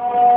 you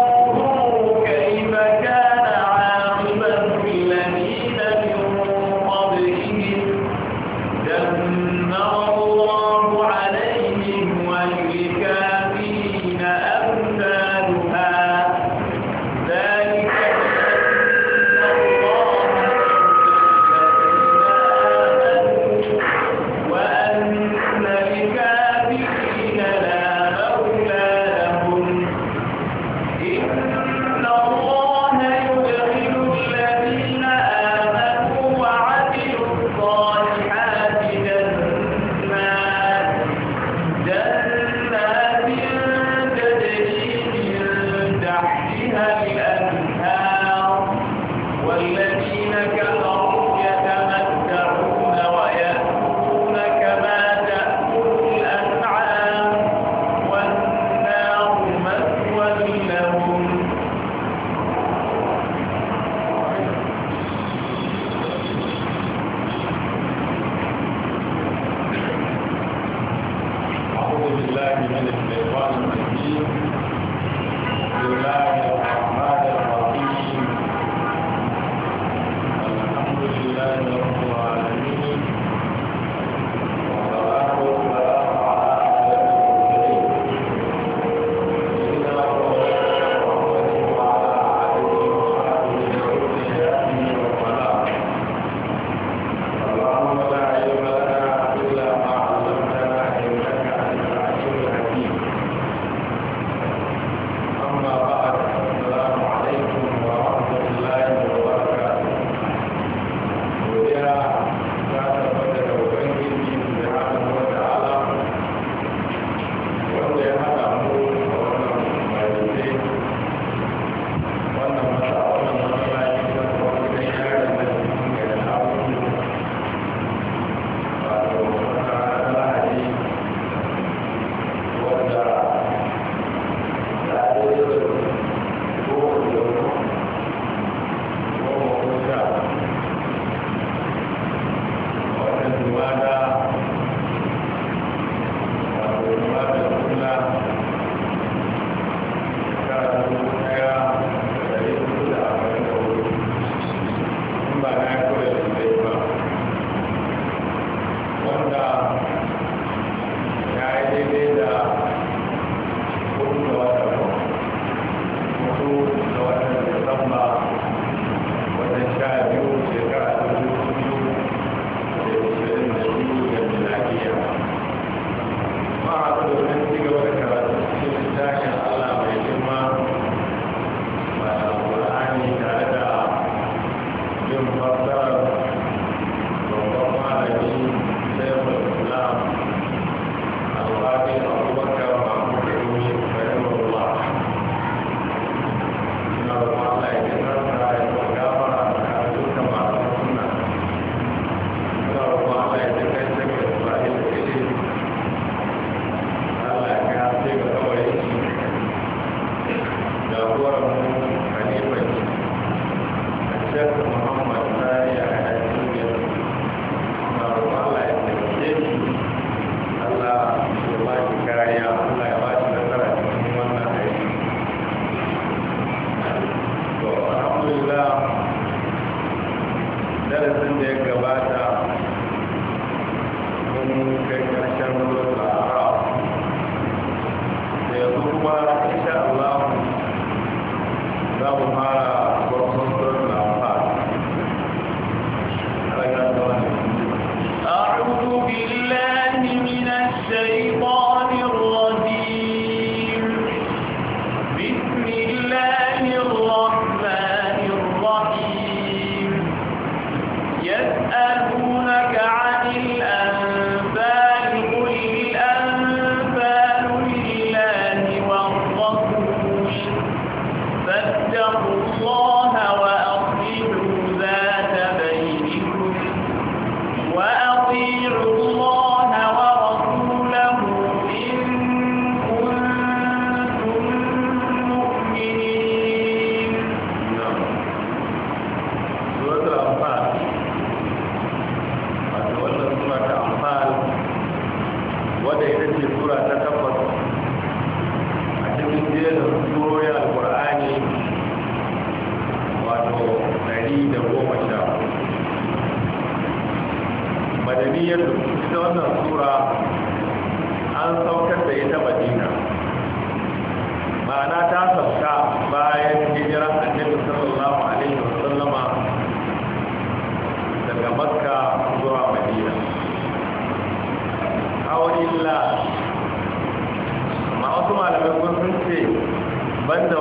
but no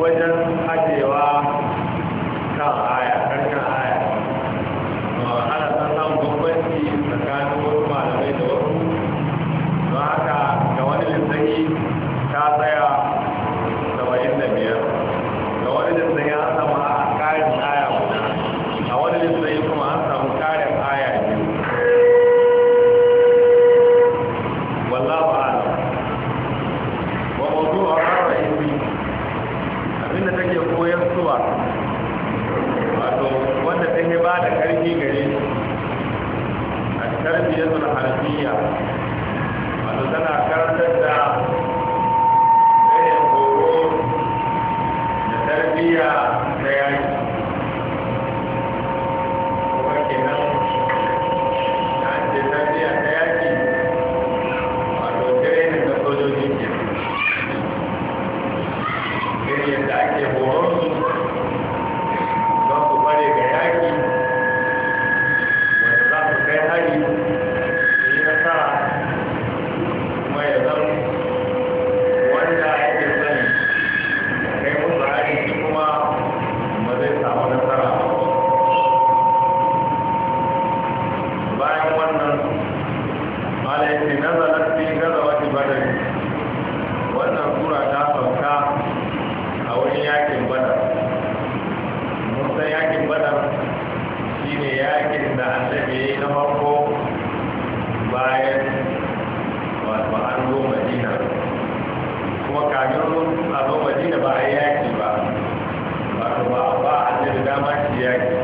wajen yaki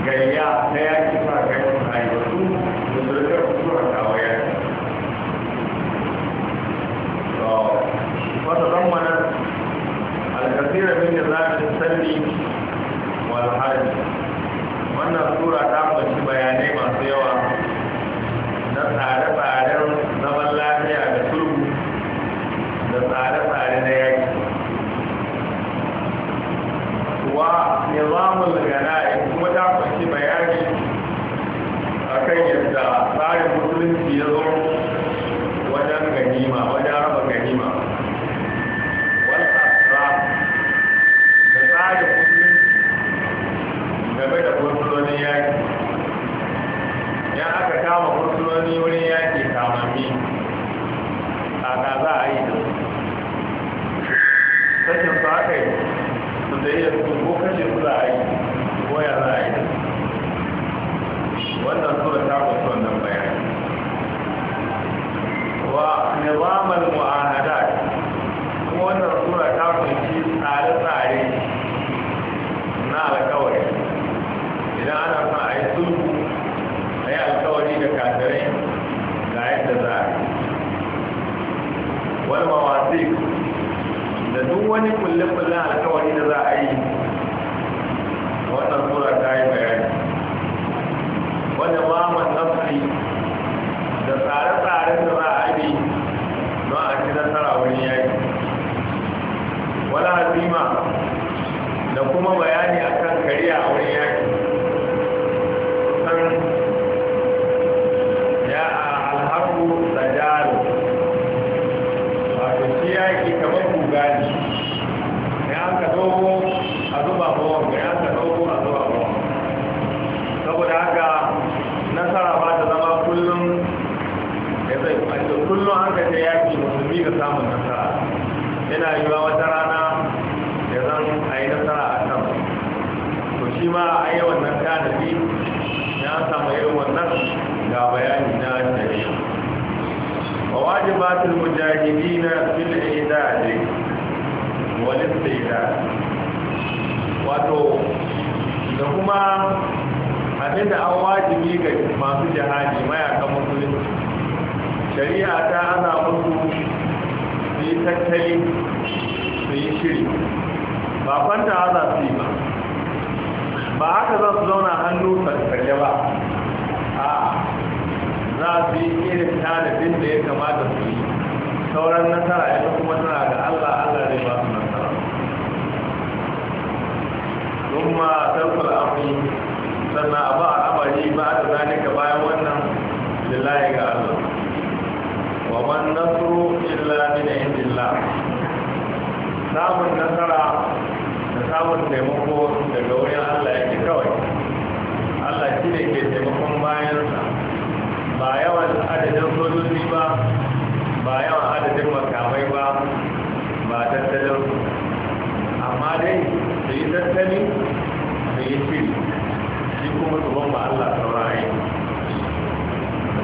gayya ta yaki ba ganin ayyukan da zuwa kawo yaki wata zammana alkasira min da za ta salli wal hajji wannan sura ta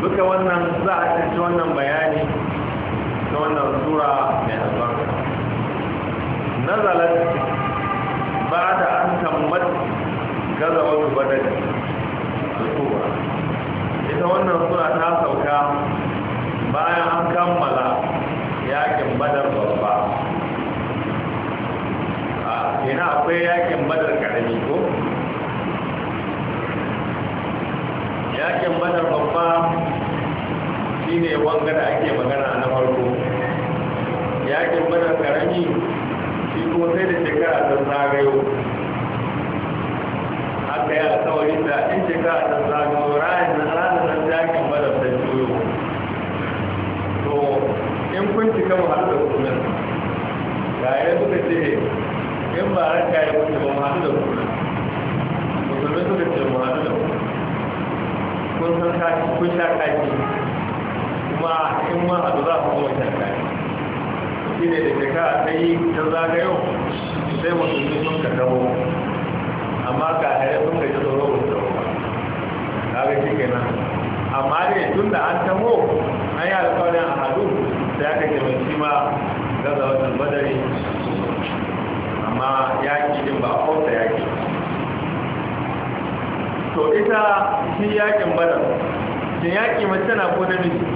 duka wannan za a tsanci wannan bayani na wannan sura mai albarka nazalar ba da an tambar gaza gwada da alkuwa ita wannan sura ta sauka bayan an kammala yakin badar babba a ina akwai yakin badar karami ko yakin badar babba shine wanga da ake magana na farko yakin badar karami shi kuma sai da shekara ta zagayo haka ya alkawari da in shekara ta zagayo ranar ranar yakin badar ta juyo to in kun cika mu har da kunan ga yadda suka ce in ba ranka ya wuce mu da kunan musulmi suka ce mu haɗu da kunan kun san kashi. kun sha kashi kuma in ma a za ku kuma tarka shi ne da shekara ta yi ta zagayo sai musulmi sun ka dawo amma ka hare sun ka ji tsoro ba su dawo ba ga shi kenan amma ne tun da an tamo an yi alƙawarin a hadu sai aka ke mai shi ma gaza watan badari amma yaƙi din ba a ta yaƙi to ita shi yaƙin badar shi yaƙi mace na ko namiji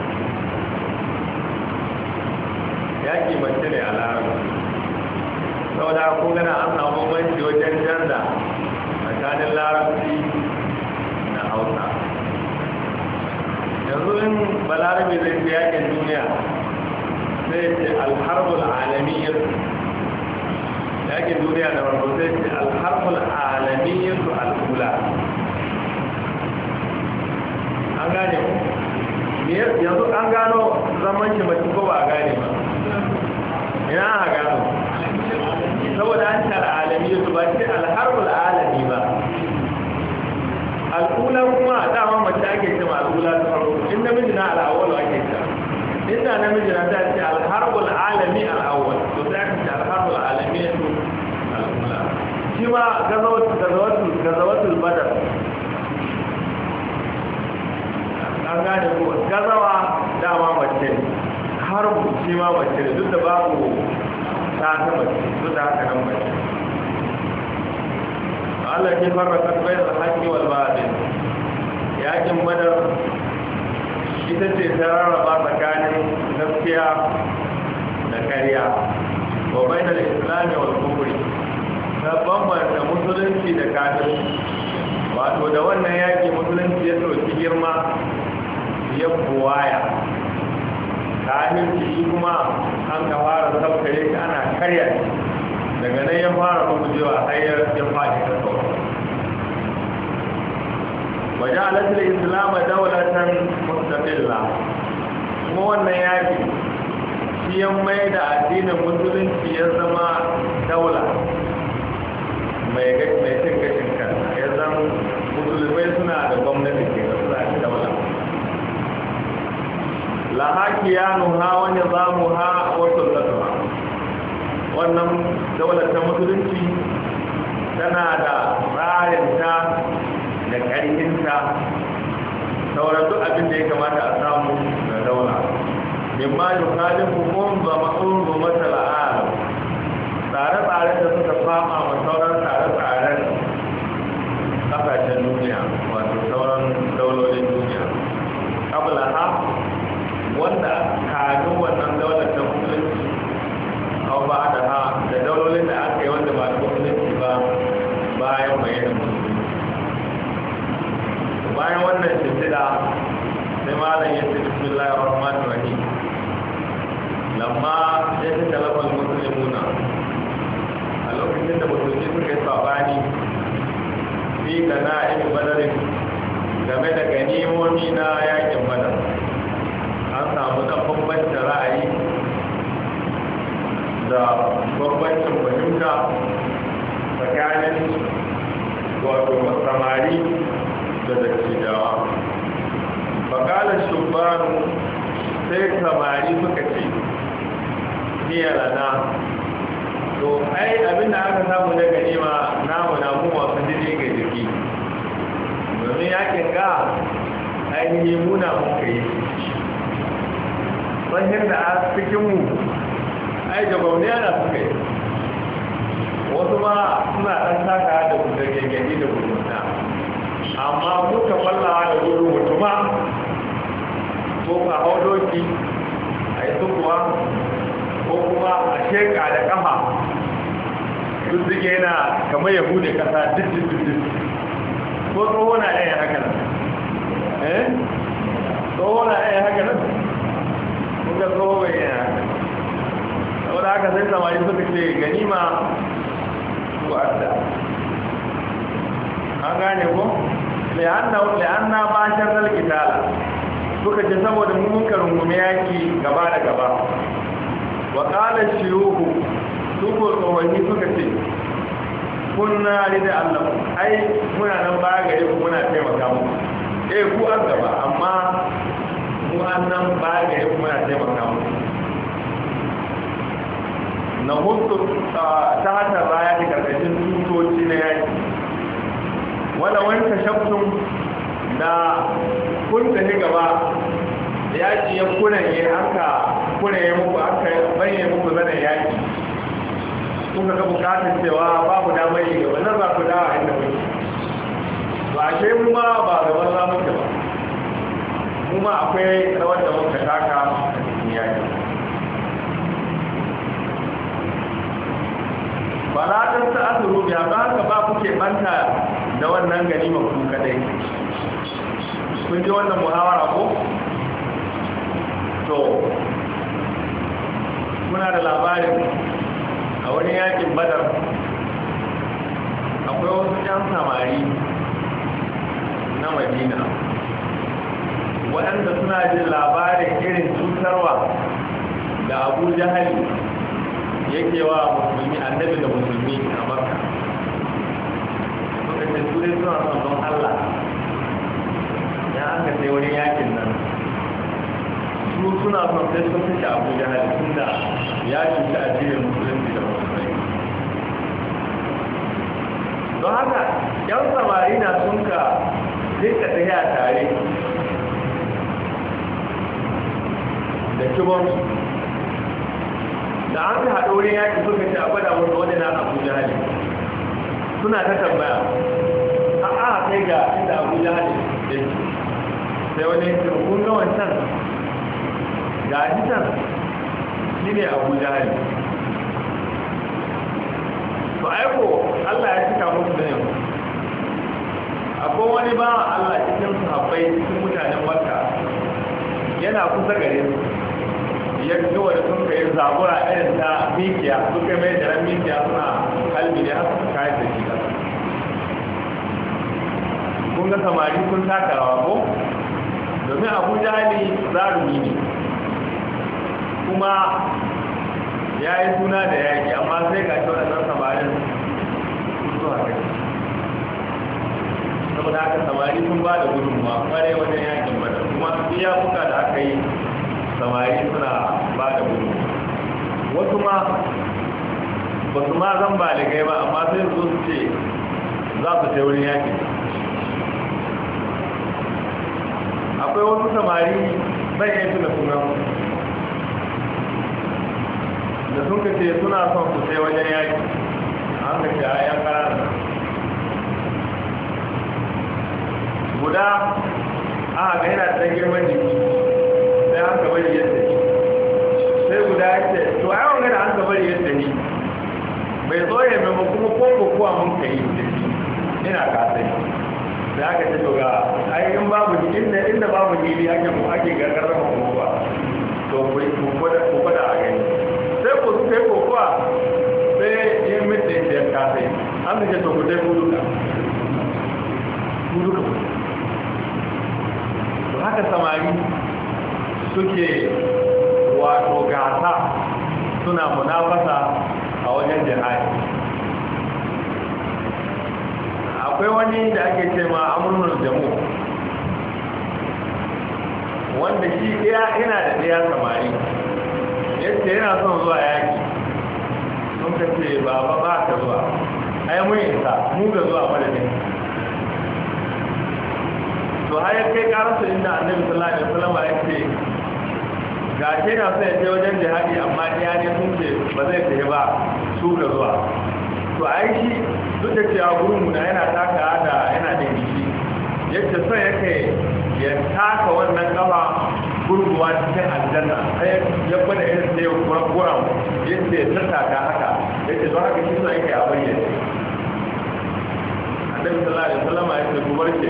ya kimanta ne a sau da ko gana an samu banci wajen canza tsakanin larabci na hausa yanzu in balarabe zai fi yakin duniya zai ce alharbul alamiyyar yakin duniya da farko zai ce alharbul alamiyyar al'ula an gane ku yanzu an gano zaman shi mace ko ba a gane ba ina aka gano saboda an ce al'alami su ba ce alharbul alami ba al'ula kuma a dama mace ake ce ma al'ula ta farko in namiji na al'awwal ake ce inda namiji na ta ce alharbul alami al'awwal to sai aka ce alharbul alami su al'ula shi ma gazawatul gazawatul badar an gane ko gazawa dama mace ne har shi ma mace duk da babu ta ta mace duk da haka nan Ba Allah ke fara kasbai da haƙi wal ba'adin yakin badar ita ce ta rarraba tsakanin gaskiya da karya wa islam ya wal kufri ta bambanta musulunci da kafir wato da wannan yaki musulunci ya sauki girma ya buwaya kamin shi kuma an ka fara saukare shi ana karya daga nan ya fara kuma a hanyar ya fashi ta sauka waje alatul islam daulatan mustaqilla kuma wannan yaki shi yan mai da addinin musulunci ya zama daula mai cin gashin ya zama musulmai suna da gwamnati ke. ya laha kiyanuha a nizamuha da sunnatuha wannan daular ta musulunci tana da tsarinta da ƙarfinta sauran duk abin da ya kamata a samu da daula mimma yukalin hukum ba ma'un ba matsala alam tsare da suka fama wa sauran tsare-tsaren kasashen duniya wato sauran daulolin duniya kabla ha wanda kanu wannan daular ta musulunci au ba da ha da daulolin da aka yi wanda ba da musulunci ba bayan bayanin musulunci bayan wannan shimfiɗa sai malam ya ce bismillahir rahmanir rahim lamma ya ce talabar muslimuna a lokacin da musulunci suka yi sabani fi da ibn badar game da ganimomi na yakin badar an samu da bambanta ra'ayi da bambancin fahimta tsakanin wato samari da dattijawa bakalar shubanu sai samari suka ce niya lana to ai abinda aka samu daga nima namu na mu masu jini ga jirgi domin yakin ga ainihin muna muka yi sahin da a cikinmu mu ai gabauniya na suka yi wasu ma suna ɗan taka da da gengeni da gudunta amma muka fallawa da gudun mutuma ko a hau doki a yi sukuwa ko kuma a sheka da kafa duk duke yana kamar bude kasa duk duk duk ko tsohon na ɗaya haka nan eh tsohon na ɗaya haka nan ta zo bayyana saboda haka sai samari suka ce ganima ko adda an gane ko la'anna ba sharar kitala suka ce saboda muka rungume yaki gaba da gaba wa ƙalar shiyuhu suko tsohonni suka ce kunna rida allah ai muna nan ba gare ku muna taimaka mu? eh ku an gaba amma mu an nan ya gare kuma ya taimaka mu na hutu ta hata baya ne karkashin tutoci na yaki wanda wani tashabtun da kunta ne gaba yaki ya kunaye aka kunaye muku aka bayyana muku zanen yaki kuka ga bukatar cewa babu damar yi gaba nan za ku dawa inda muke ba ke mu ba ba gaban zamuke ba kuma akwai rawar da muka taka a cikin yaki ba na ta sa asuru biya ba ka ba kuke banta da wannan gani ma ku kadai kun ji wannan muhawara ko to muna da labarin a wani yakin badar akwai wasu 'yan samari na madina waɗanda suna jin labarin irin cutarwa da abu jahali yake wa musulmi annabi da musulmi a makka suka ce su suna son don allah ya an ka sai wurin yakin nan su suna son sai sun fi abu jahali da ya cuta addinin musulmi da musulmi don haka yan samari na sun ka rika a tare da kibon da an fi haɗa wurin yaƙi suka ce a gwada wasu wani na Abuja, jihali suna ta tambaya a a kai ga inda Abuja jihali da ke sai wani ya ce kun ga wancan ga can shi ne abu jihali to aiko allah ya cika musu da yau akwai wani ba allah cikin su sahabbai cikin mutanen makka yana kusa gare su ya duwa da sun kai zabura irin ta mikiya sun kai mai da ran mikiya suna halbi da haka kayan da shi kun ga samari kun taka rawa ko domin abu jahali zarumi ne kuma ya yi suna da yaki, amma sai ga shi waɗannan samarin zuwa kai saboda haka samari sun ba da gudunmawa kwarai wajen yaƙin bada kuma iya buka da aka yi samari suna ba da gudu wasu ma ba su ma zan ba da gai ba amma sai su ce za su ce wurin yaki akwai wasu samari zai yi tuna sunan da sun ka ce suna son su sai wajen yaki an ka ce a yan ƙararra guda a ga yana da girman jiki idan an gaba ya tafi sai guda ya ce to ai wanga da an gaba ya tafi bai zo ya mai kuma ko kuwa mun yi da shi ina ka da aka ce to ga in babu inda inda babu jini ake mu ake gargarar to ku ku kwada a gani sai ku sai sai ya mutu ya ka sai an ce to ku dai duka ku haka samari suke wato gasa suna munafasa a wajen jihadi akwai wani da ake ce ma amurnar jamu wanda shi ɗaya yana da ɗaya samari yadda yana son zuwa yaki sun ka ce ba ba ba ka zuwa ai mun isa mu ga zuwa madadin to har ya kai karasa inda annabi sallallahu alaihi wasallam ya ce ga ke na sai ke wajen jihadi amma ne sun ce ba zai tafi ba su ka zuwa to a yi duk da cewa gurin na yana taka da yana da gishi yadda son yake ya taka wannan kafa gurguwa cikin aljanna sai ya gwada irin sai ya kura kura yadda ya ta haka yadda zuwa haka shi son yake a bayyana annabi sallallahu alaihi wasallam ya ce ku barke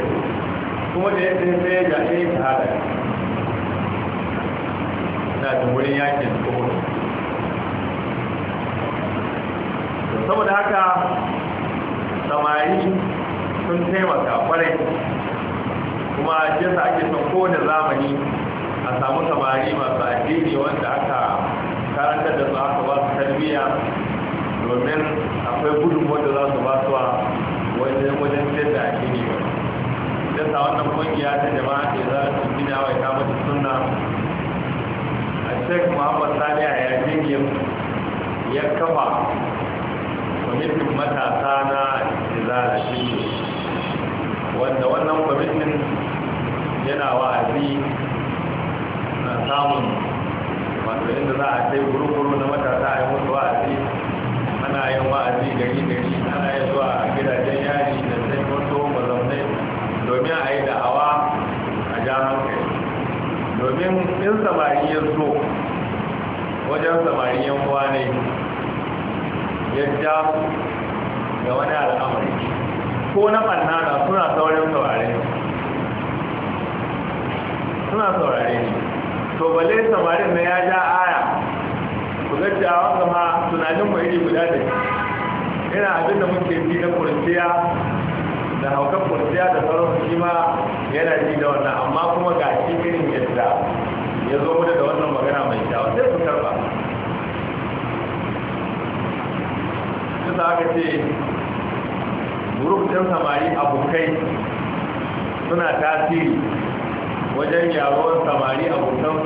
kuma da yadda sai ya jaje ta hada da wurin yakin uhud saboda haka samari sun taimaka kwarai kuma yasa ake son kowane zamani a samu samari masu addini wanda aka karantar da su aka ba su tarbiyya domin akwai gudun wanda za su ba su wajen wajen da addini ba. Dasa wannan kungiya ta jama'a ke za su gina wa ya kama sunna sheikh muhammad sani a yin ya kafa kwamitin matasa na izala shi wanda wannan kwamitin yana wa'azi na samun wato inda za a kai guru-guru na matasa a yi musu wa'azi ana yin wa'azi gari-gari ana yin zuwa gidajen yari da sai wasu mazaunai domin a yi da'awa a jami'ai domin in samari ya zo wajen samari yan kwane ya ja ga wani al'amari ko na ɓannana suna saurin saurare suna saurare ne to bale samarin na ya ja aya ku zarce a wanga ma tunanin mai iri guda da ina abinda muke fi na kurciya da haukan kwanciya da sauran shi ma yana ji da wannan amma kuma ga shi irin yadda ya zo mu da wannan magana mai kyawa sai su karba su za ka ce gurub ɗin samari abokai suna tasiri wajen yawon samari abokan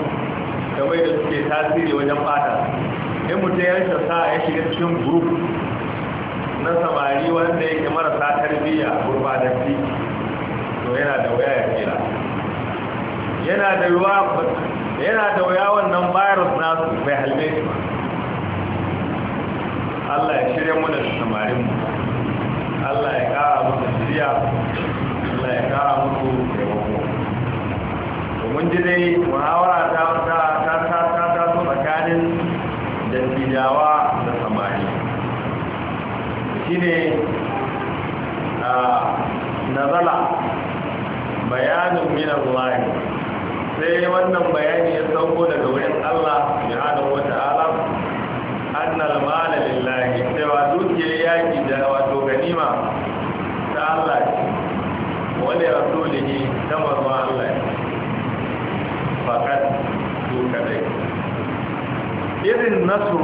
kamar da suke tasiri wajen fata in mutum ya sa ya shiga cikin gurub? na samari wanda yake marasa tarbiyya gurbatacci to yana da waya ya kira yana da yana da waya wannan virus nasu bai halbe su Allah ya shirya mu da samarin mu Allah ya kara musu shirya Allah ya kara musu taimako to mun ji dai muhawara ta ta ta ta ta tsakanin dattijawa shine a nazala bayanin minan lahi sai wannan bayani ya sauko daga wurin Allah subhanahu wa ta'ala annal mala lillahi cewa dukiyar yaki da wato ganima ta Allah ce wani rasulihi ta manzo Allah ce fakat su kadai irin nasru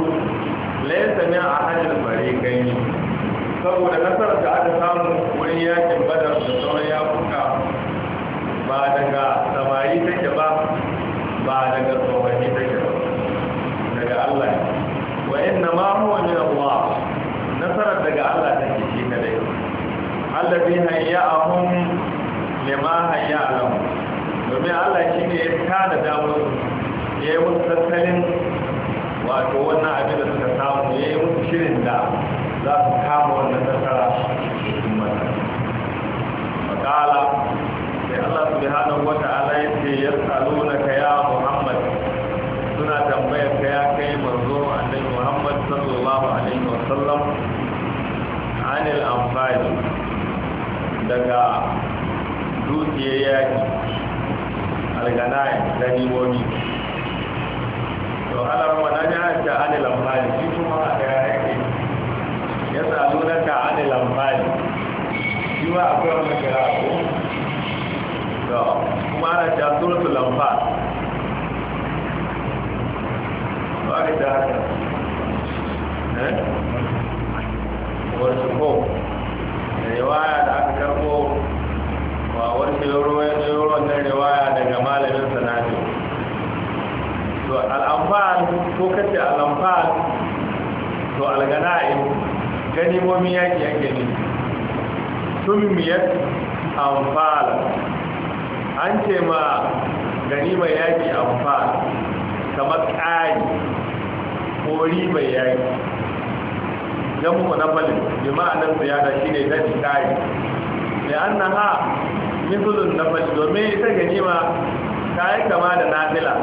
laysa min ahadil fariqayn saboda nasarar da aka samu wurin yakin badar da sauran yakuka ba daga samari take ba ba daga tsohoni take ba daga Allah wa inna ma huwa min Allah nasarar daga Allah take shi kadai allazi hayya'ahum lima hayya'ahum domin Allah shi ne ya tada damar ya yi musu tattalin wato wannan abin da suka samu ya yi musu shirin da za su kama wanda wannan nasara cikin kuma makala sai Allah subhanahu wa ta'ala yace yas'alunaka ya Muhammad suna tambayar ka ya kai manzo annabi Muhammad sallallahu alaihi wa sallam anil amfani daga dukiyar yaki alganai ganimomi to alarwa na jihar ta anil amfani. shi kuma a ɗaya ya salu na ka ani akwai wani kira ko to kuma ana ta suratu lamfa ba ka ta haka eh wasu ko riwaya da aka karbo ba wani ruwan na riwaya daga malamin sanadu to al'amfan ko kace al'amfan to algana'in ganimomin yaki ake ne summiyar amfal an ce ma mai yaki amfal kamar ƙari ko ribar yaki jan mu na balin jima'anar ziyara shi ne daji ƙari da an na ha mitulun na balin domin ita ganima ta yi kama da nafila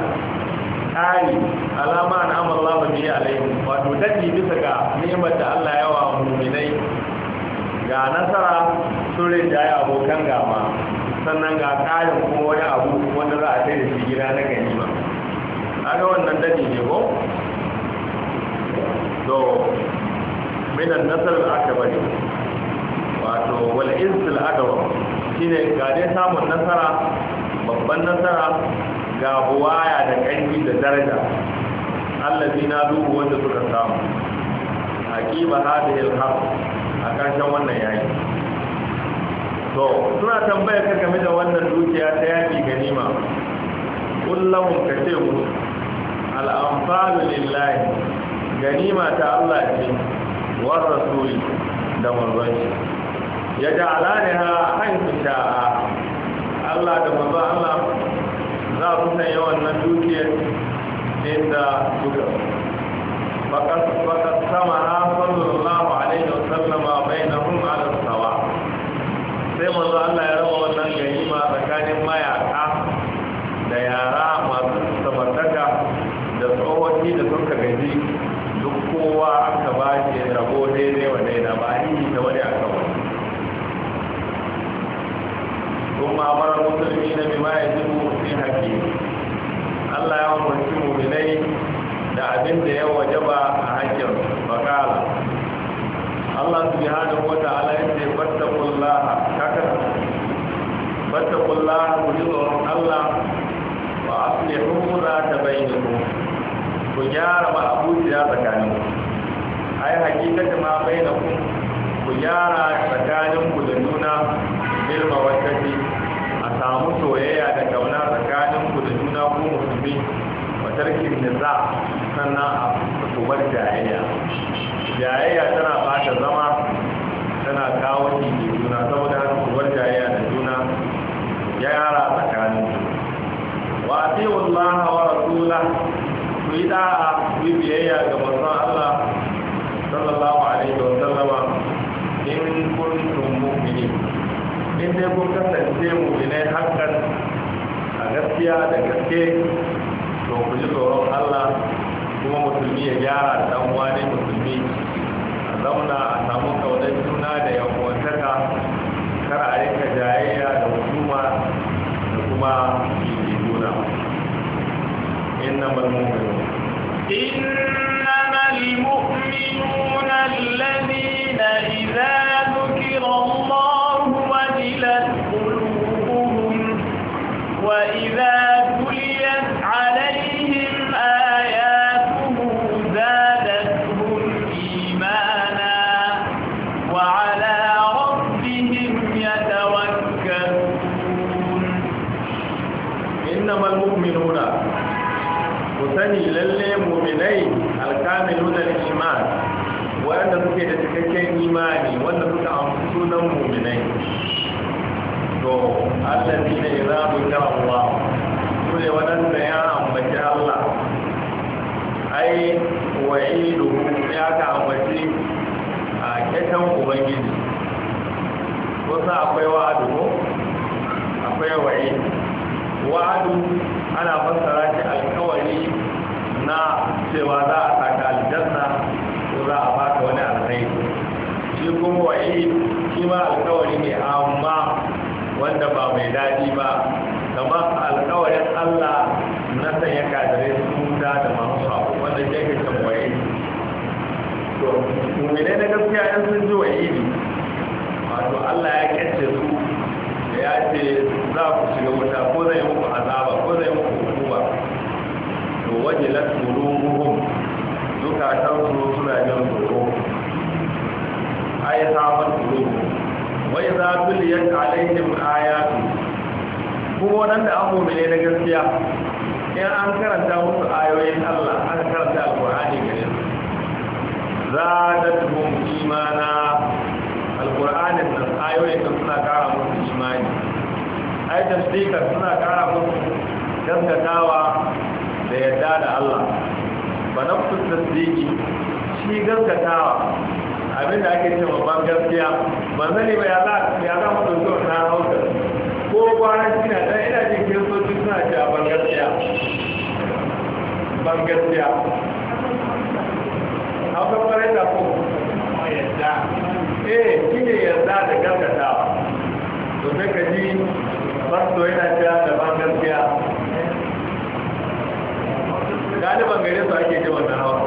ƙari alama an amalla ba biyu alaihi wato daɗi bisa ga ni'imar da Allah ya wa muminai ga nasara sun rinjaye abokan gama sannan ga ƙarin kuma wani abu wanda za a kai da shi gida na ganima kaga wannan daɗi ne ko to minan nasarar aka bari wato wal izil adawa shine ga dai samun nasara babban nasara ga buwaya da ƙarfi da daraja allazi na duhu wanda suka samu A ƙiba hada ilham a ƙarshen wannan yayi to suna tambayar ka game da wannan dukiya ta yaƙi ganima kullum ka ce mu al'amfalu lillahi ganima ta Allah ce war rasuli da manzon ya ja'ala ne ha haifu sha'a Allah da manzon Allah za a na wannan dukiyar inda suka fakat sama na sallallahu alaihi wasallama bainahum ala sawa sai mazu Allah ya umarci muminai da abin da ya wajaba a bakala Allah wa ta'ala ya ce fattakullah kaka ku ji tsoron Allah ta bayyana ku gyara ba tsakanin ai ma bayyana ku gyara tsakanin ku da juna tarkin nisa sannan a tubar jayayya jayayya tana fata zama tana kawo jiki juna saboda haka tubar jayayya da juna ya yara tsakanin wa atiyu Allah wa rasulah ku yi da'a ku yi biyayya ga manzon Allah sallallahu alaihi wa sallama in kuntum mu'minin in dai kun kasance mu'minai hankali a gaskiya da gaske to ku ji tsoron Allah kuma musulmi ya gyara dan wani musulmi a zauna a samu kaunar juna da yankuwantaka kar a rinka jayayya da hukuma da kuma juna inna mu'minun kusa akwai wa'adu ko akwai wa'i wa'adu ana fassara shi alkawari na cewa za a saka aljanna ko za a baka wani alkhairi shi kuma wa'i shi ma alkawari ne amma wanda ba mai daɗi ba kamar alkawarin Allah na sanya kadare su kuta da masu wanda ke kan wa'i to mu ne na gaskiya yan sun ji wa'i wato Allah ya kyace su ya ce za ku shiga wuta ko zai muku azaba ko zai muku hukuma to waje la duka ta su suna jin tsoro ai sabon turuhu wa idza tuliyat alaihim ayatu kuma da abu mai na gaskiya in an karanta musu ayoyin Allah an karanta alqur'ani gare su zadatuhum imana alƙur'anin nan ayoyin nan suna ƙara musu imani ai sikar suna ƙara musu gaskatawa da yadda da Allah ba na da tasdiki shi gaskatawa abin da ake cewa ban gaskiya ban sani ba ya za ya za mu ɗauki wannan hausa ko kwanan na ɗan ina jin kiristoci suna cewa ban gaskiya ban gaskiya hausa kwanan da ko yadda eh shi ne yarda da gaskatawa to sai ka ji fasto yana cewa da ban gaskiya ɗaliban gare su ake ji wannan hawa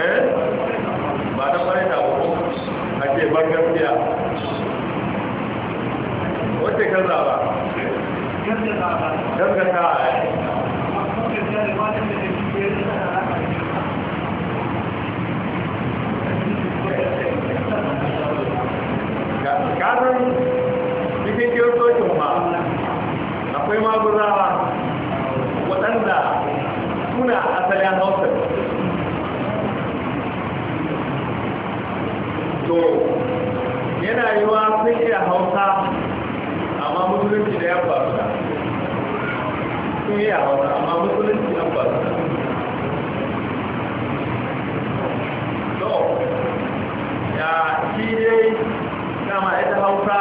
eh ba ta fara ta ko ake ban gaskiya wacce kan zaba gaskatawa gaskatawa ƙarar cikin kiristocin ma akwai maguzawa waɗanda suna asalin hausa to yana yi wa sun iya hausa amma musulunci da ya faru sun iya hausa amma musulunci ya faru da ya shi dama ita hausa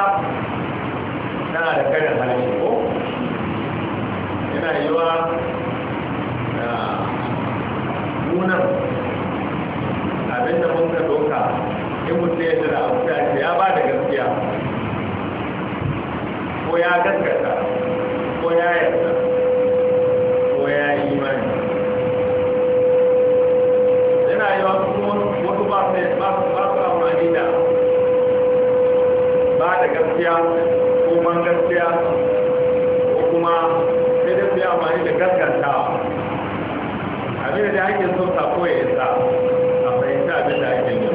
na da karin harshe ko yana yiwa ah, nunan abinda mun ka doka in mutum ya jira abu ta ce ya ba da gaskiya ko ya gaskata ko ya yarda ba da gaskiya ko man gaskiya ko kuma sai da fiye amfani da gaskanta abin da ake son sako ya isa a fahimta abin da ake yi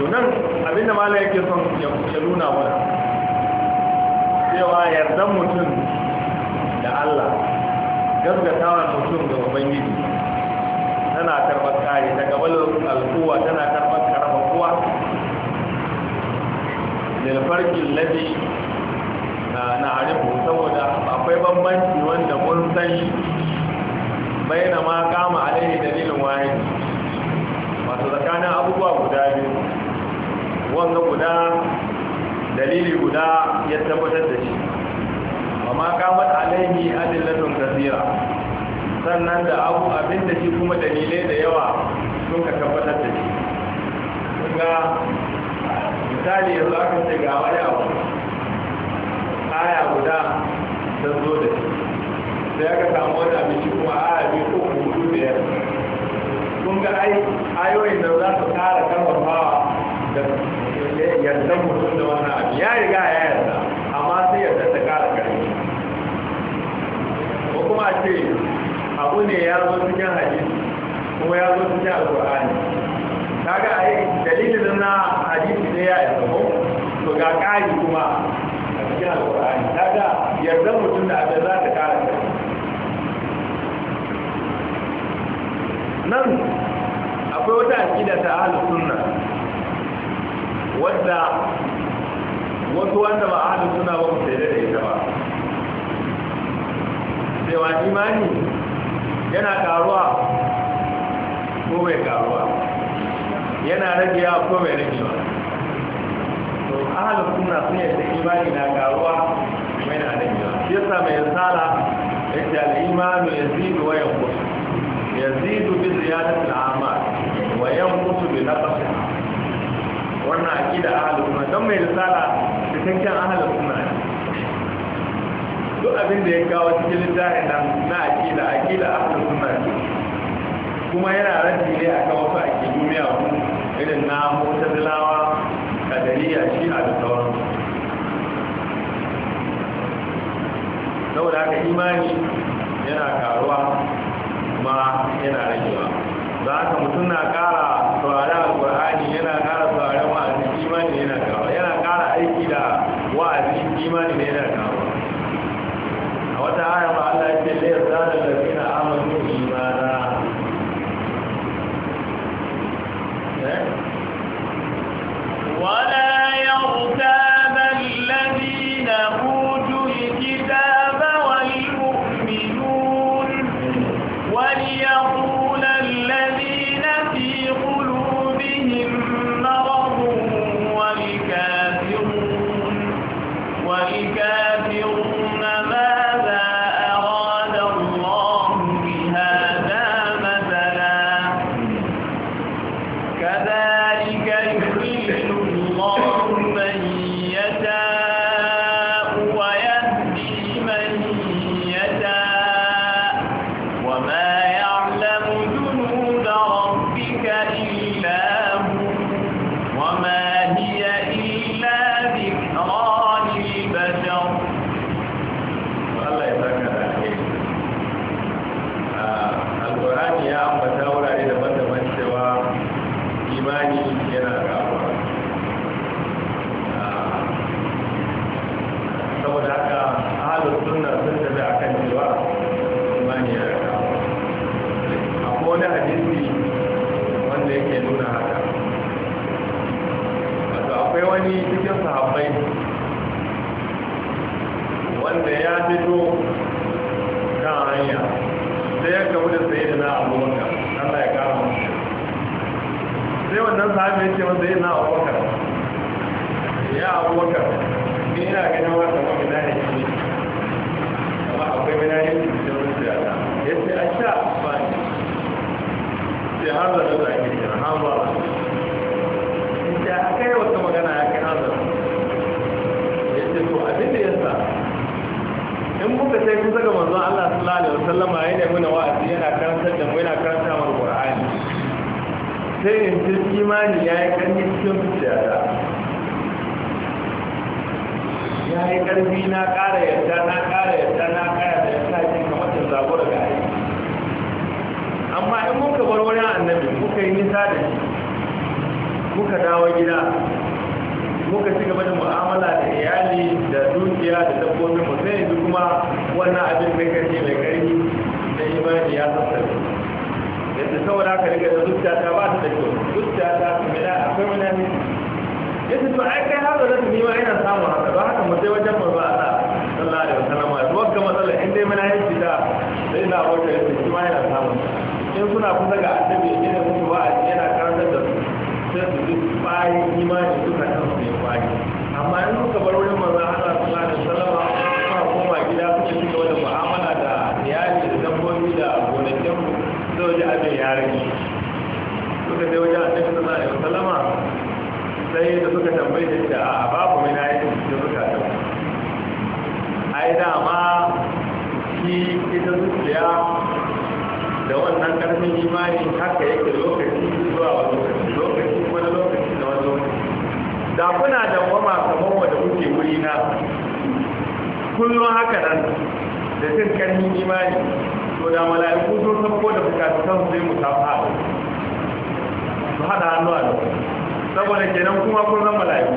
to nan abin da mala yake son ya nuna mana cewa yardan mutum da Allah gaskatawa mutum ga ubangiji tana karɓar kare daga balon alkuwa tana karɓar karɓar kuwa lilfarkin ladi na harifu saboda akwai bambanci wanda mun sani. bai na ma kama alaihi dalilin waye wato tsakanin abubuwa guda biyu wanda guda dalili guda ya tabbatar da shi amma kama alaihi adillatun kasira sannan da abu abin da shi kuma dalilai da yawa sun ka tabbatar da shi misali yanzu aka ce ga wani abu aya guda ta zo da sai aka samu wani abinci kuma aya biyu ko hudu biyar kun ga ai ayoyin da za su kara karfafawa da yadda mutum da wannan abu ya riga ya yarda amma sai yadda ta kara karfi ko kuma ce abu ne ya zo cikin hadisi kuma ya zo cikin Alƙur'ani. kaga a yi dalilin na hadisi ne ya yi sabo to ga ƙari kuma a cikin alƙur'ani kaga yarda mutum da abin za ta ƙara nan akwai wata aƙida ta ahlus sunna wadda wasu wanda ba ahlus sunna ba mu da ita ba cewa imani yana karuwa ko bai karuwa yana rage ya ko bai rage ba to ahalin suna sun yadda imani na garuwa mai na rage ba shi yasa mai tsara yake al al'imanu ya zidu wa yan kusu ya zidu bi ziyadar al'amal wa yan kusu bi na ƙasa wannan akida ahalin suna don mai tsara cikakken ahalin suna ne duk abin da ya kawo cikin littafin nan na akida akida ahalin suna ne kuma yana raddi ne akan wasu ake duniya irin na dari kadariya shi a da sauran saboda haka imani yana karuwa kuma yana ragewa za ka mutum na kara cikin sahabbai wanda ya fito kan hanya sai ya kawo da sayi na abubakar allah ya shi. sai wannan sahabi ya ce wanda ya na abubakar ya abubakar ni ina ganin wata mafi na ne amma akwai mina ne da wasu yada ya ce a sha ba ne sai har da zai zai kira har ba in kuka sai kun saka manzo Allah sallallahu alaihi wasallam ya ne muna wa'azi yana karantar da mu yana karanta mu Qur'ani sai in ji imani yayi karfi cikin Ya yayi karfi na ƙara yadda na ƙara yadda na ƙara da yadda ji kamar tun zabo daga aiki amma in muka bar wani annabi muka yi nisa da shi muka dawo gida muka ci gaba da mu'amala da iyali da dukiya da dabbobin mu sai yanzu kuma wannan abin da kake mai karfi da imani ya sassare yadda saboda ka riga da zuciya ta ba ta da kyau zuciya ta mila akwai munani yadda to ai kai har da ni ma ina samu haka don haka mu sai wajen mu a Allah sallallahu alaihi wasallam ya zuwa ga matsala in dai muna yin fita sai na wata yadda shi ma yana samu in suna kusa ga annabi da mutuwa yana karantar da su sai su duk bayan imani suka bukhari amma in kuka bar wurin manzon Allah sallallahu alaihi wasallam kuka koma gida kuka ci gaba da mu'amala da iyali da dabbobi da gonakin ku sai waje abin ya rage suka je wajen annabi sallallahu alaihi wasallam sai da suka tambaye shi da a babu mai na yi da suka tafi ai dama shi ita zuciya da wannan karfin imani haka yake lokaci da kuna dawama kamar wanda kuke wuri na kullum haka nan da cin karnin imani to da mala'iku sun sako da bukatun su zai musafa su haɗa hannu a saboda kenan kuma kun san mala'iku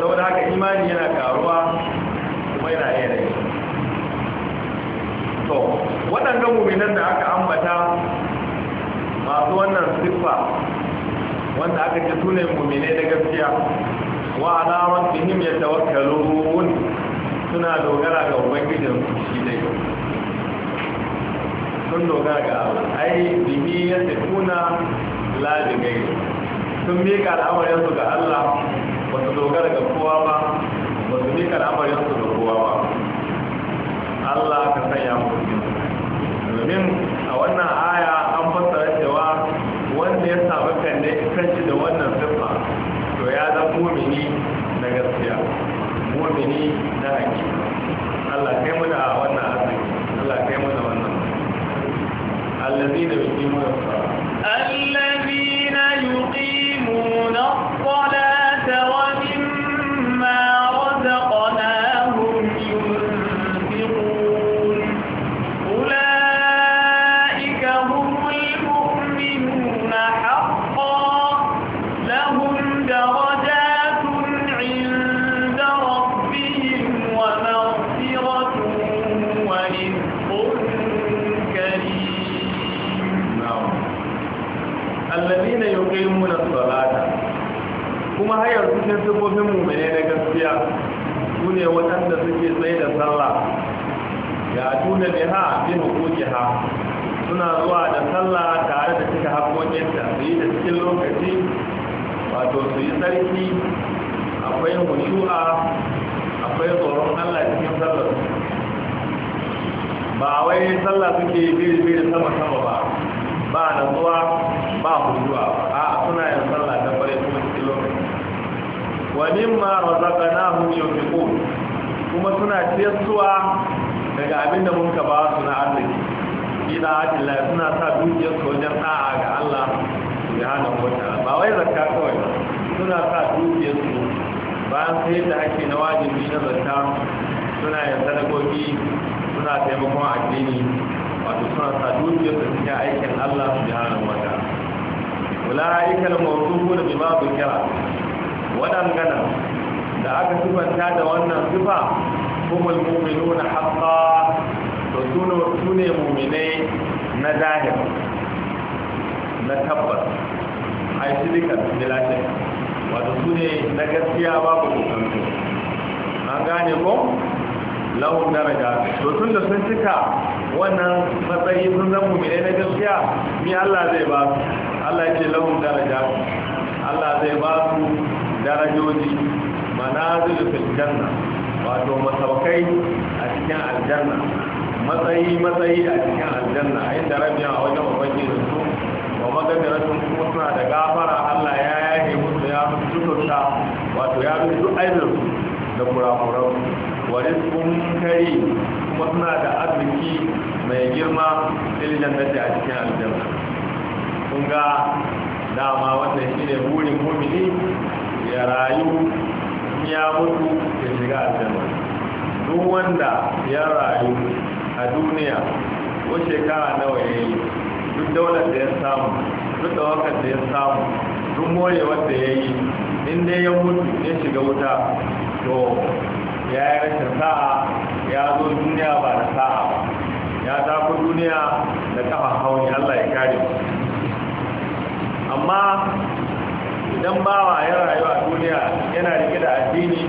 saboda haka imani yana karuwa kuma yana iya da to waɗanda muminan da aka ambata masu wannan siffa wanda aka ce sune mu'mine da gaskiya wa ala rabbihim yatawakkalun suna dogara ga ubangijin shi dai sun dogara ga ai bihi yasifuna la bi gairi sun miƙa al'amarin su ga Allah ba su dogara ga kowa ba ba su miƙa al'amarin su ga kowa ba Allah ka sanya mu domin a wannan aya an fassara wanda ya samu kanne kanci da wannan siffa to ya zama mumini na gaskiya mumini na haƙi Allah kai mu da wannan arziki Allah kai mu da wannan zai da bi mu da Allah gaskiya babu kusantu an gane ko lahun daraja to tun da sun cika wannan matsayi sun zan mummune na gaskiya ni Allah zai ba su Allah ce lahun daraja Allah zai ba su darajoji mana fil janna wato masaukai a cikin aljanna matsayi matsayi a cikin aljanna yin rabiya a wajen da su wa magafiratun kuma suna da gafara Allah ya yaye musu ya mutunta wato ya bi duk aibin da kurakuran wani sun kari kuma suna da arziki mai girma ilin da a cikin aljanna kun ga dama wannan shi ne burin mumini ya rayu ya mutu ya shiga aljanna duk wanda ya rayu a duniya ko shekara nawa ya yi duk daular da ya samu duk da wakar da ya samu duk morewar da ya yi in dai ya mutu ya shiga wuta to ya yi rashin sa'a ya zo duniya ba da sa'a ya tafi duniya da kafa hauni allah ya kare amma idan bawa ya rayuwa a duniya yana rike da addini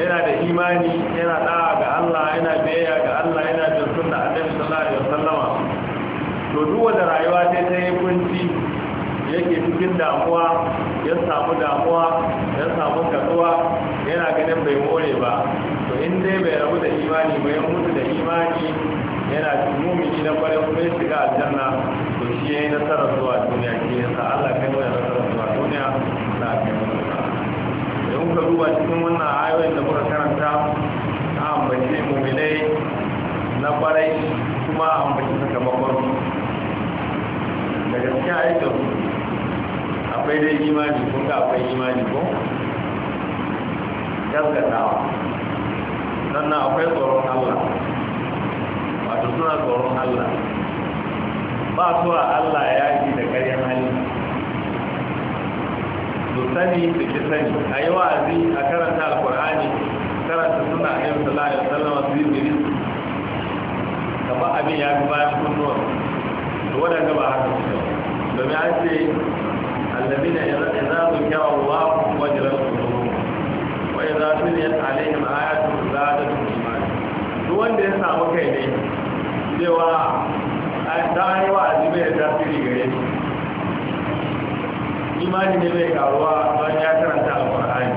yana da imani yana da'a ga allah yana biyayya ga allah yana jin sunna annabi sallallahu alaihi wasallama to duk wanda rayuwa sai ta yi kunci yake cikin damuwa ya samu damuwa ya samu katsuwa yana ganin bai more ba to in dai bai rabu da imani bai mutu da imani yana mumini na kwarai kuma ya shiga aljanna to shi ya yi nasarar zuwa duniya shi ya sa Allah kai mana nasarar zuwa duniya na kai ba da muka duba cikin wannan ayoyin da muka karanta na ambaci mumilai na kwarai kuma ambaci sakamakon daga cikin aikin akwai dai imani ko ga akwai imani ko gaskatawa sannan akwai tsoron Allah wato suna tsoron Allah ba su a Allah ya yi da karyar hali su sani su ki sani a yi wa'azi a karanta alkur'ani karanta suna a yin salaya sallama su yi biri ba abin ya fi bayan kunnuwa da waɗanda ba haka su domin ce الذين إذا ذكر الله وجلت قلوبهم وإذا تليت عليهم آيات زادتهم إيمانا wanda ya samu kai ne cewa da an yi wa azibi da tasiri gare shi imani ne mai karuwa don ya karanta alƙur'ani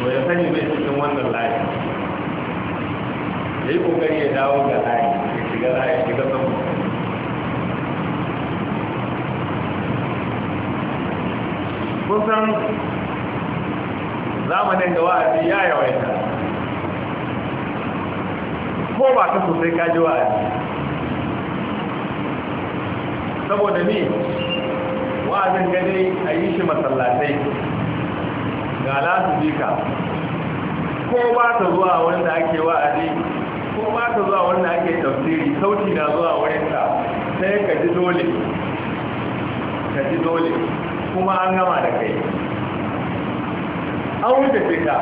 to ya sani bai cikin wannan layi ya yi ya dawo kun san zamanin da wa'azi ya yawaita ko ba ka sosai kaji wa'azi saboda ni wa'azin gani a yi shi masallatai ga lasu jika ko ba ta zuwa wanda ake wa'azi ko ba ta zuwa wanda ake tafsiri sauti na zuwa wurinta sai ka ji dole ka ji dole kuma an gama da kai an wuce fika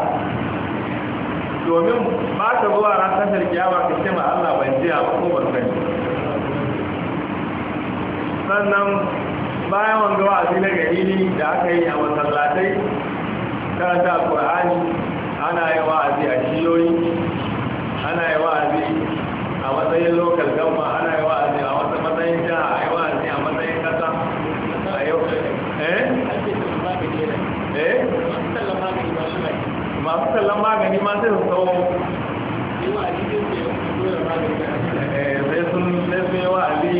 domin ba ta zuwa ran kasar kiyama ka ce ma Allah ban jiya ba ko ban sannan bayan wanga wa'azi daga gari da aka yi a masallatai karanta kur'ani ana yi wa'azi a shiyoyi ana yi wa'azi a matsayin lokal gamma ana yi wa'azi masu tallan magani ma sai su eh, sau sai sun yi wa'azi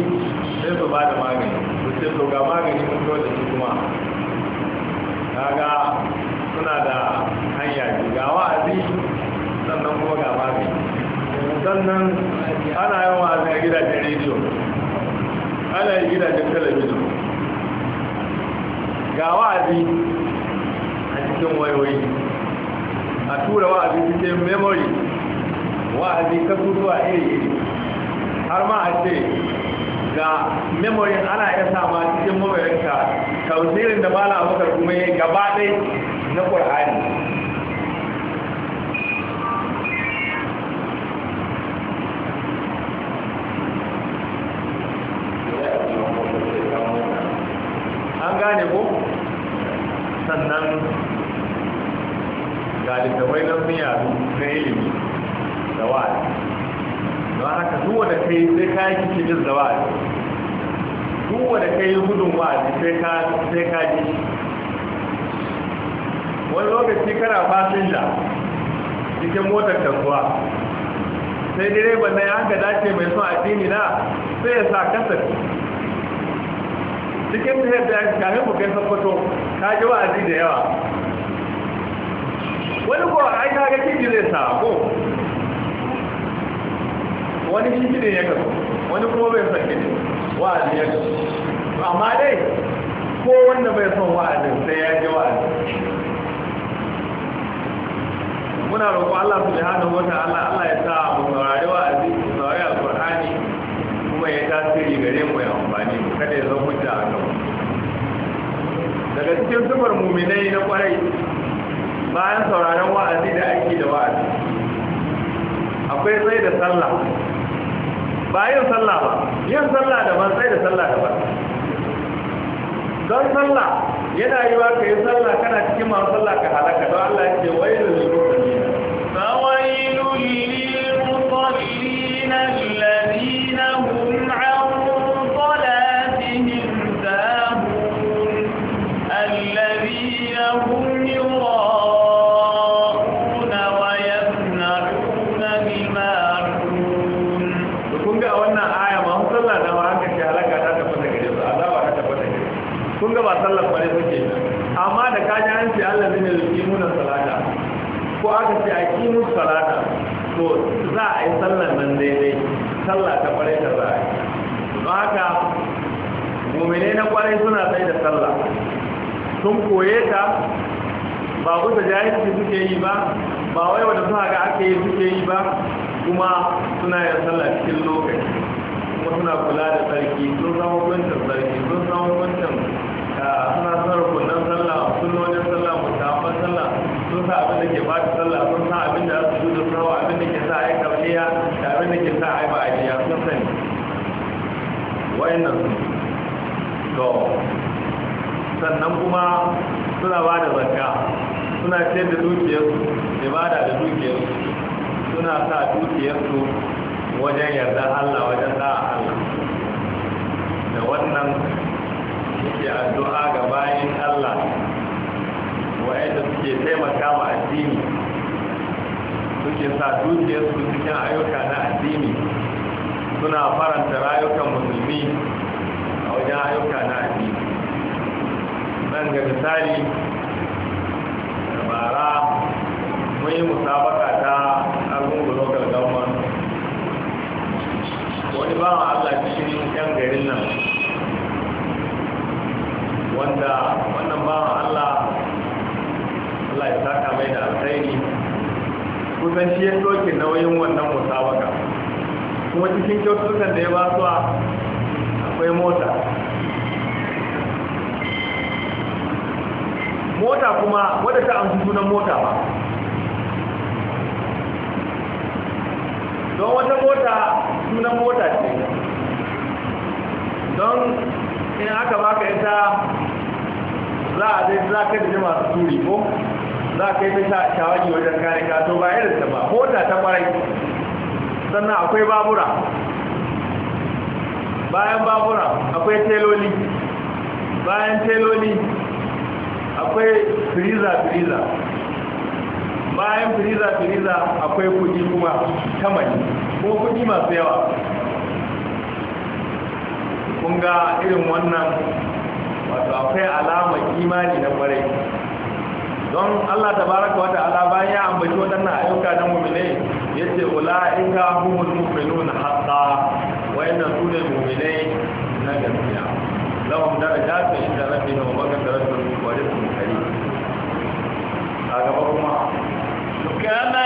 sai su ba da magani su ce to ga magani mun kawo da shi kuma kaga suna da hanya ga wa'azi sannan kuma ga magani sannan ana yin wa'azi a gidajen rediyo ana yi gidajen talabijin ga wa'azi a cikin wayoyi a tura wa'azi cikin memory wa'azi kasusuwa iri iri har ma a ce ga memory ana iya sama cikin mawarinka tausirin da bala abokar kuma yi gaba na ƙwar'ani an gane ko sannan ga littafai nan sun yadu na ilimi da wa'adi don haka duk wanda kai sai ka yi kicin da wa'adi duk wanda kai yi gudun wa'adi sai ka ji wani lokaci kana fasinja cikin motar kasuwa sai direban na ya ga dace mai son addini na sai ya sa kasar cikin da yadda ya kafin mu kai sabbato ka ji wa'azi da yawa wani kuwa a ka ga kiji zai sako wani kiji ne ya kasu, wani kuma bai san kiji wa'azi ya kasu amma dai ko wanda bai son wa'azin sai ya ji wa'azi muna roƙo Allah Su hannun wata Allah Allah ya sa mu saurari wa'azi mu saurari alqur'ani kuma ya tasiri gare mu ya amfani mu kada ya zama hujja a kanmu daga cikin sufar muminai na kwarai bayan sauraron wa'azi da aiki da wa'azi akwai tsaye da sallah ba yin sallah ba yin sallah daban tsaye da sallah daban don sallah yana yi wa ka yi sallah kana cikin masu sallah ka halaka don Allah ya ce wailul lil wanda jahilci suke yi ba ba wai wadda suka ga ake yi suke yi ba kuma suna yin sallah cikin lokaci kuma suna kula da sarki sun san hukuncin sarki sun san hukuncin ah, suna san rukunan sallah wajen sallah mutaban sallah sun sa abin da ke ba da sallah sun sa abin da su da sawa abin da ke sa a yi da abin da ke sa a yi ba ajiya sun sani wa'annan to sannan kuma suna ba da zakka suna ce da dukiyarsu ibada da dukiyarsu suna sa dukiyarsu wajen yarda Allah wajen da'a Allah da wannan suke addu'a ga bayan Allah wa'anda suke taimaka ma addini suke sa dukiyarsu cikin ayyuka na addini suna faranta rayukan musulmi a wajen ayyuka na addini nan ga misali bara mun yi musabaka ta argungu local government wani ba Allah cikin yan garin nan wanda wannan ba Allah Allah ya saka mai da alkhairi kusan shi ya soke nauyin wannan musabaka kuma cikin kyautukan da ya ba su akwai mota mota kuma wadda ta amsu sunan mota ba don wata mota sunan mota ce don in aka baka ita za a zai za ka jima masu turi ko za ka yi ta shawaki wajen kayan kato ba irin ta ba mota ta kwarai sannan akwai babura bayan babura akwai teloli bayan teloli akwai firiza-firiza bayan firiza-firiza akwai kudi kuma tamani ko kudi masu yawa kun ga irin wannan wato akwai alama imani na kwarai don allah tabaraka wata ala bayan ya ambaci waɗannan ayyuka na mummine ya ce mummine na mu'minun wayan da su ne mummine na gaskiya لهم درجات عند ربهم ومغفرة ورزق كريم هذا هو كما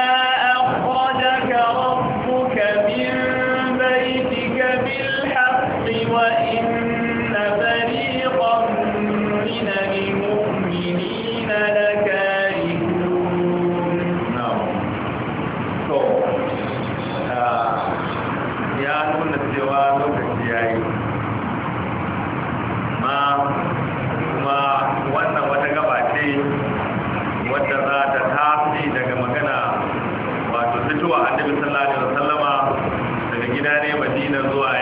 wadda za ta tafi daga magana wato fitowa annabi sallallahu alaihi wasallama daga gida ne madina zuwa